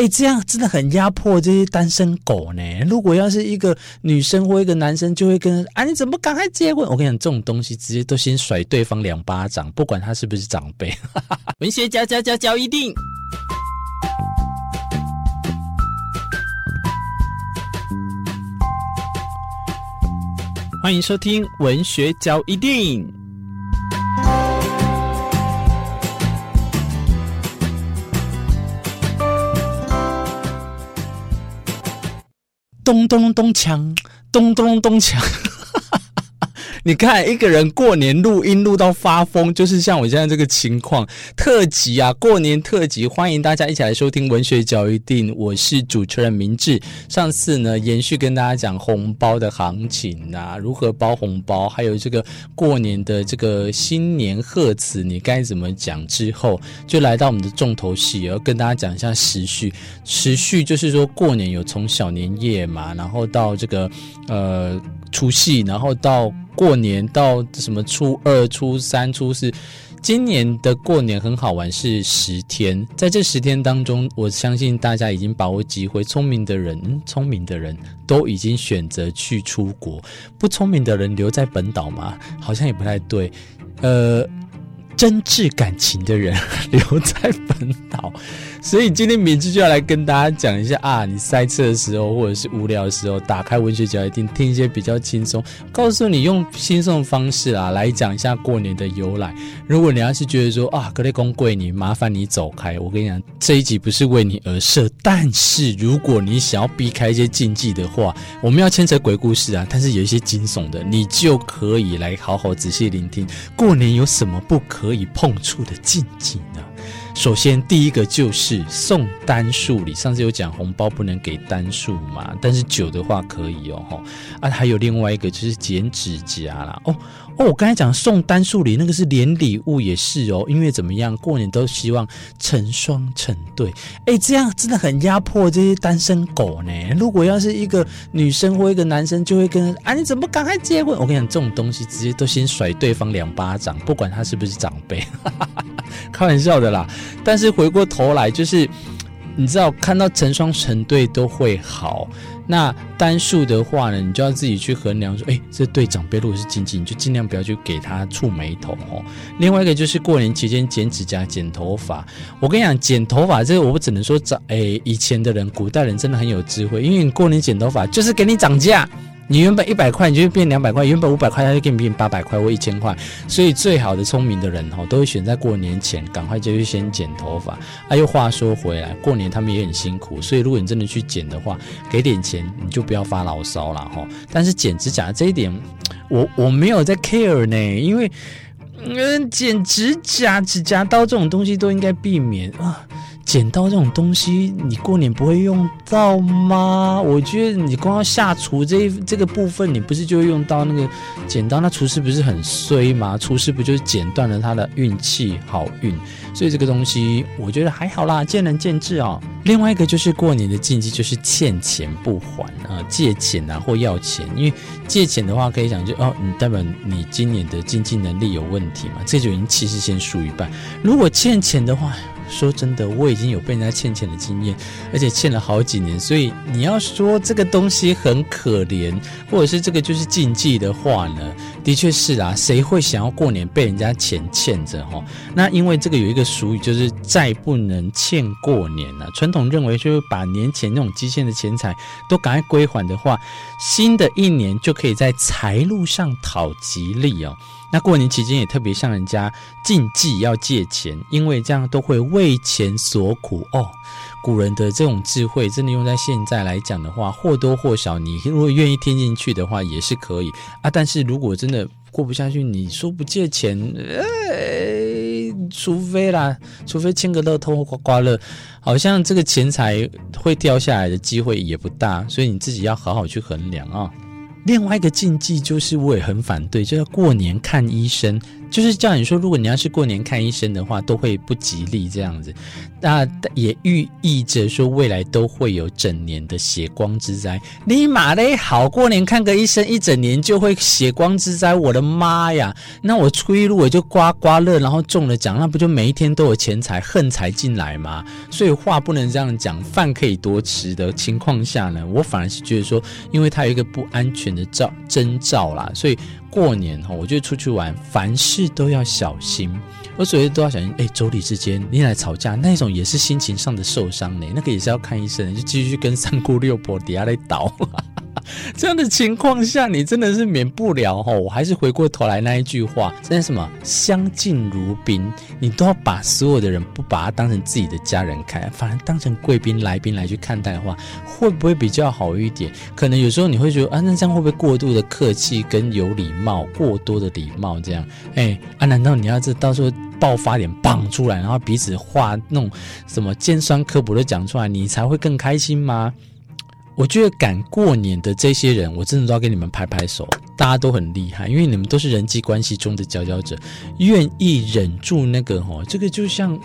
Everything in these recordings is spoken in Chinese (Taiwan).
哎、欸，這樣真的很壓迫這些單身狗呢。如果要是一個女生或一個男生，就會跟啊，你怎麼趕快結婚？我跟你講，這種東西直接都先甩對方兩巴掌，不管他是不是長輩。 文學嚼嚼嚼嚼，一錠。歡迎收聽《文學嚼一錠》。咚咚咚鏘，咚咚咚鏘。咚咚咚鏘。你看一個人過年錄音錄到發瘋，就是像我現在這個情況特輯啊，過年特輯，歡迎大家一起來收聽《文學嚼一錠》，我是主持人明智。上次呢，延續跟大家講紅包的行情啊，如何包紅包，還有這個過年的這個新年賀詞，你該怎麼講？之後就來到我們的重頭戲，要跟大家講一下時序。時序就是說過年有從小年夜嘛，然後到這個呃。除夕，然後到過年，到什麼初二、初三、初四，今年的過年很好玩，是十天。在這十天當中，我相信大家已經把握機會。聰明的人，嗯，聰明的人都已經選擇去出國，不聰明的人留在本島嘛？好像也不太對。呃，真摯感情的人留在本島。所以今天名字就要來跟大家講一下啊，你塞車的時候或者是無聊的時候，打開文學嚼一錠聽一些比較輕鬆，告訴你用輕鬆的方式啊來講一下過年的由來。如果你要是覺得說啊，格雷公貴你麻煩你走開，我跟你講這一集不是為你而設。但是如果你想要避開一些禁忌的話，我們要牽扯鬼故事啊，但是有一些驚悚的，你就可以來好好仔細聆聽。過年有什麼不可以碰觸的禁忌呢？首先，第一個就是送單數禮。上次有講紅包不能給單數嘛，但是九的話可以哦，齁。啊，還有另外一個就是剪指甲啦，哦。哦，我剛才講送單數禮，那個是連禮物也是哦，因為怎麼樣，過年都希望成雙成對。哎、欸，這樣真的很壓迫這些單身狗呢。如果要是一個女生或一個男生，就會跟啊你怎麼不趕快結婚？我跟你講，這種東西直接都先甩對方兩巴掌，不管他是不是長輩， 開玩笑的啦。但是回過頭來，就是你知道，看到成雙成對都會好。那單數的話呢，你就要自己去衡量說，誒，這對長輩如果是親戚，你就儘量不要去給他觸霉頭哦。另外一個就是過年期間剪指甲、剪頭髮，我跟你講，剪頭髮這個，我不只能說，長誒，以前的人，古代人真的很有智慧，因為你過年剪頭髮就是給你漲價。你原本一百塊，你就變兩百塊；原本五百塊，他就給你變八百塊或一千塊。所以，最好的聰明的人哈，都會選在過年前，趕快就去先剪頭髮。哎呦，話說回來，過年他們也很辛苦，所以如果你真的去剪的話，給點錢你就不要發牢騷了哈。但是剪指甲這一點，我我沒有在 care 呢，因為嗯，剪指甲、指甲刀這種東西都應該避免啊。剪刀這種東西，你過年不會用到嗎？我覺得你光要下廚這一這個部分，你不是就會用到那個剪刀？那廚師不是很衰嗎？廚師不就是剪斷了他的運氣好運？所以這個東西我覺得還好啦，見仁見智啊、喔。另外一個就是過年的禁忌就是欠錢不還啊，借錢啊或要錢，因為借錢的話可以講就哦，你代表你今年的經濟能力有問題嘛，這就已經氣勢先輸一半。如果欠錢的話。說真的，我已經有被人家欠錢的經驗，而且欠了好幾年，所以你要說這個東西很可憐，或者是這個就是禁忌的話呢，的確是啊，誰會想要過年被人家錢欠着哈、哦？那因為這個有一個俗語，就是債不能欠過年了、啊。傳統認為，就是把年前那種積欠的錢財都趕快歸還的話，新的一年就可以在財路上討吉利哦。那過年期間也特別向人家禁忌要借錢，因為這樣都會為錢所苦哦。古人的這種智慧，真的用在現在來講的話，或多或少，你如果願意聽進去的話，也是可以啊。但是如果真的過不下去，你說不借錢，哎，除非啦，除非簽個樂透刮刮樂，好像這個錢財會掉下來的機會也不大，所以你自己要好好去衡量啊，哦。另外一個禁忌就是，我也很反對，就是過年看醫生。就是叫你說，如果你要是過年看醫生的話，都會不吉利這樣子。那也寓意着說，未來都會有整年的血光之災。你媽嘞！好過年看個醫生，一整年就會血光之災！我的媽呀，那我初一如果就刮刮樂，然後中了獎，那不就每一天都有錢財橫財進來嗎？所以話不能這樣講，飯可以多吃的情況下呢，我反而是覺得說，因為它有一個不安全的兆徵兆啦，所以。過年哈，我就出去玩，凡事都要小心，我所以都要小心。哎、欸，妯娌之間，你倆吵架那種，也是心情上的受傷呢，那個也是要看醫生，就繼續跟三姑六婆底下來倒。這樣的情況下，你真的是免不了吼，哦。我還是回過頭來那一句話，真的什麼相敬如賓，你都要把所有的人不把他當成自己的家人看，反而當成貴賓來賓來去看待的話，會不會比較好一點？可能有時候你會覺得啊，那這樣會不會過度的客氣跟有禮貌，過多的禮貌這樣？哎，啊，難道你要這到時候爆發點棒出來，然後彼此話那種什麼尖酸刻薄的講出來，你才會更開心嗎？我覺得趕過年的這些人，我真的都要給你們拍拍手，大家都很厲害，因為你們都是人際關係中的佼佼者，願意忍住那個哈，這個就像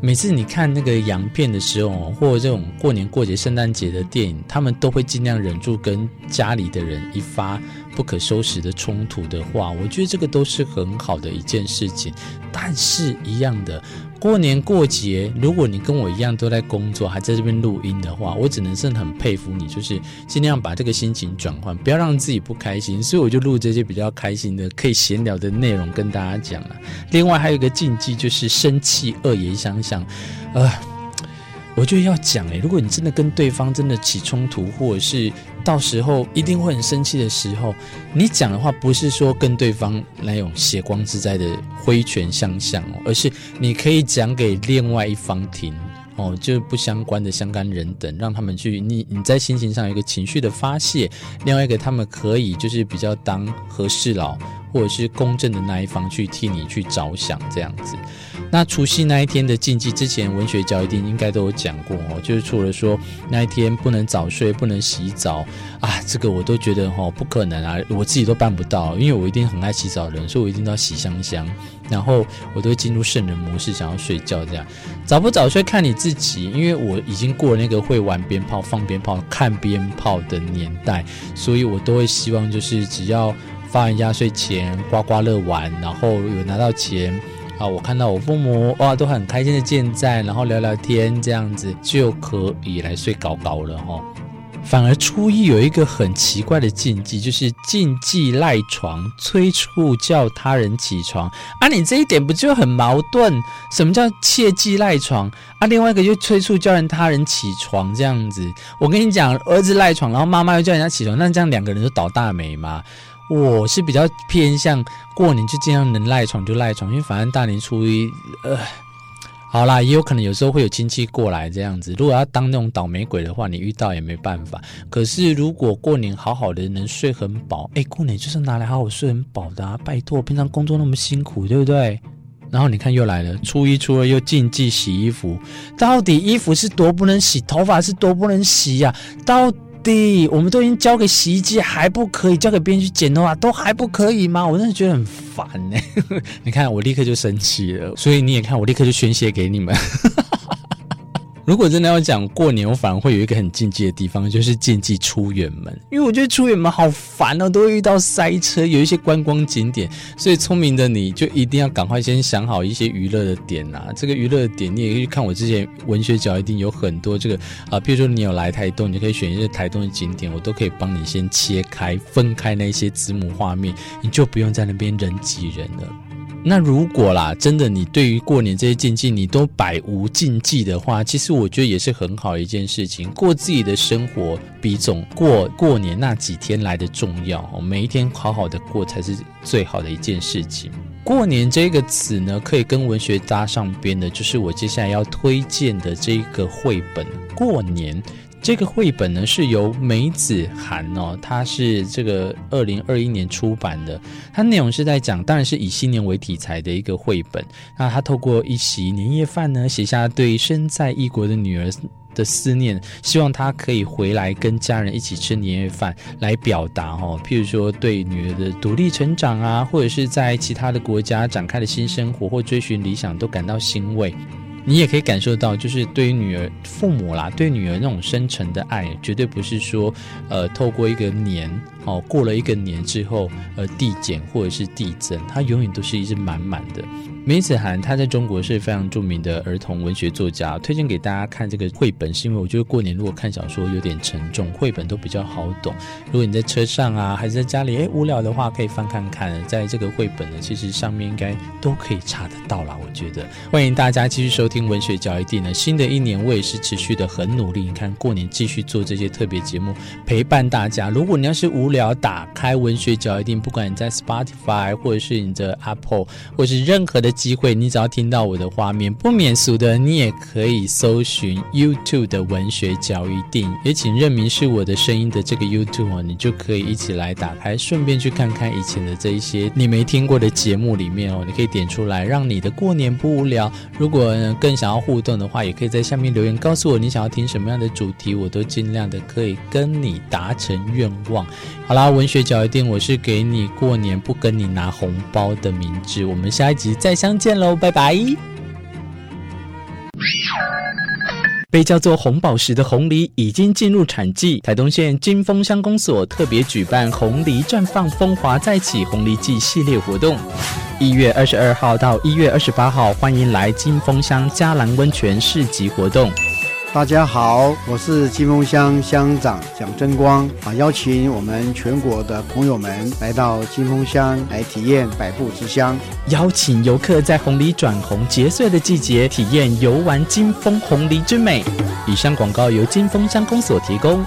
每次你看那個洋片的時候，或這種過年過節、聖誕節的電影，他們都會盡量忍住跟家裡的人一發。不可收拾的衝突的話，我覺得這個都是很好的一件事情。但是，一樣的，過年過節，如果你跟我一樣都在工作，還在這邊錄音的話，我只能是很佩服你，就是儘量把這個心情轉換，不要讓自己不開心。所以，我就錄這些比較開心的、可以閒聊的內容跟大家講了啊。另外，還有一個禁忌就是生氣惡言相向。呃，我就要講誒，如果你真的跟對方真的起衝突，或者是到時候一定會很生氣的時候，你講的話不是說跟對方那種血光之災的揮拳相向，而是你可以講給另外一方聽哦，就是不相關的相干人等，讓他們去，你你在心情上有一個情緒的發洩，另外一個他們可以就是比較當和事佬。或者是公正的那一方去替你去着想，這樣子。那除夕那一天的禁忌，之前文學嚼一錠應該都有講過哦。就是除了說那一天不能早睡、不能洗澡啊，這個我都覺得哦，不可能啊，我自己都辦不到，因為我一定很愛洗澡的人，所以我一定都要洗香香，然後我都會進入聖人模式，想要睡覺。這樣早不早睡看你自己，因為我已經過了那個會玩鞭炮、放鞭炮、看鞭炮的年代，所以我都會希望就是只要。花完壓歲錢、刮刮樂，樂玩，然後有拿到錢啊！我看到我父母哇，都很開心的健在，然後聊聊天這樣子就可以來睡高高了哈、哦。反而初一有一個很奇怪的禁忌，就是禁忌賴床，催促叫他人起床啊！你這一點不就很矛盾？什麼叫切忌賴床啊？另外一個就催促叫人他人起床這樣子。我跟你講，兒子賴床，然後媽媽又叫人家起床，那這樣兩個人就倒大霉嘛。我是比較偏向過年就這樣能賴床就賴床，因為反正大年初一，呃，好啦，也有可能有時候會有親戚過來這樣子。如果要當那種倒霉鬼的話，你遇到也沒辦法。可是如果過年好好的能睡很飽，誒、欸，過年就是拿來好好睡很飽的啊。拜託，平常工作那麼辛苦，對不對？然後你看又來了，初一初二又禁忌洗衣服，到底衣服是多不能洗，頭髮是多不能洗呀、啊？到。弟，我們都已經交給洗衣機，還不可以交給別人去剪的話，都還不可以嗎？我真的覺得很煩呢、欸。 你看，我立刻就生氣了，所以你也看，我立刻就宣洩給你們。 如果真的要講過年，我反而會有一個很禁忌的地方，就是禁忌出遠門。因為我覺得出遠門好煩哦，都會遇到塞車，有一些觀光景點，所以聰明的你就一定要趕快先想好一些娛樂的點啦、啊。這個娛樂的點，你也可以看我之前文學嚼一定有很多這個啊，譬如說你有來台東，你可以選一些台東的景點，我都可以幫你先切開、分開那些子母畫面，你就不用在那邊人擠人了。那如果啦，真的你對於過年這些禁忌，你都百無禁忌的話，其實我覺得也是很好的一件事情。過自己的生活比總過過年那幾天來的重要，每一天好好的過才是最好的一件事情。過年這個詞呢，可以跟文學搭上邊的，就是我接下來要推薦的這個繪本《過年》。這個繪本呢，是由梅子涵哦，他是這個二零二一年出版的，它內容是在講，當然是以新年為題材的一個繪本。那他透過一席年夜飯呢，寫下對身在異國的女兒的思念，希望她可以回來跟家人一起吃年夜飯，來表達哦，譬如說對女兒的獨立成長啊，或者是在其他的國家展開的新生活或追尋理想，都感到欣慰。你也可以感受到，就是對於女兒父母啦，對女兒那種深沉的愛，絕對不是說，呃，透過一個年，哦，過了一個年之後，呃，遞減或者是遞增，它永遠都是一直滿滿的。梅子涵，他在中國是非常著名的兒童文學作家。推薦給大家看這個繪本，是因為我覺得過年如果看小說有點沉重，繪本都比較好懂。如果你在車上啊，還是在家裡，哎，無聊的話，可以翻看看。在這個繪本呢，其實上面應該都可以查得到啦。我覺得歡迎大家繼續收聽《文學腳一地》呢。新的一年，我也是持續的很努力。你看過年繼續做這些特別節目，陪伴大家。如果你要是無聊，打開《文學腳一地》，不管你在 Spotify 或者是你的 Apple，或者是任何的。機會，你只要聽到我的畫面，不免俗的，你也可以搜尋 YouTube 的文學嚼一錠，也請認明是我的聲音的這個 YouTube 哦，你就可以一起來打開，順便去看看以前的這一些你沒聽過的節目裡面哦，你可以點出來，讓你的過年不無聊。如果呢，更想要互動的話，也可以在下面留言告訴我你想要聽什麼樣的主題，我都盡量的可以跟你達成願望。好啦，文學嚼一錠，我是給你過年不跟你拿紅包的明智，我們下一集再下。相見嘍，拜拜！被叫做紅寶石的紅藜已經進入產季，台東縣金峰鄉公所特別舉辦紅藜綻放，風華再起紅藜季系列活動，一月二十二號到一月二十八號，歡迎來金峰鄉嘉蘭溫泉市集活動。大家好，我是金峰鄉鄉長蔣正光啊，邀請我們全國的朋友們來到金峰鄉來體驗百步之鄉，邀請遊客在紅藜轉紅結穗的季節體驗遊玩金峰紅藜之美。以上廣告由金峰鄉公所提供。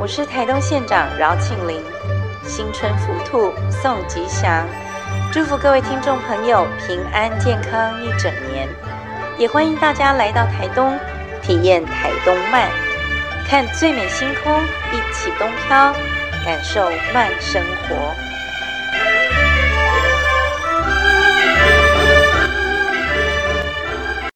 我是台東縣長饒慶鈴。新春福兔送吉祥，祝福各位聽眾朋友平安健康一整年。也歡迎大家來到台東，體驗台東慢，看最美星空，一起東飄，感受慢生活。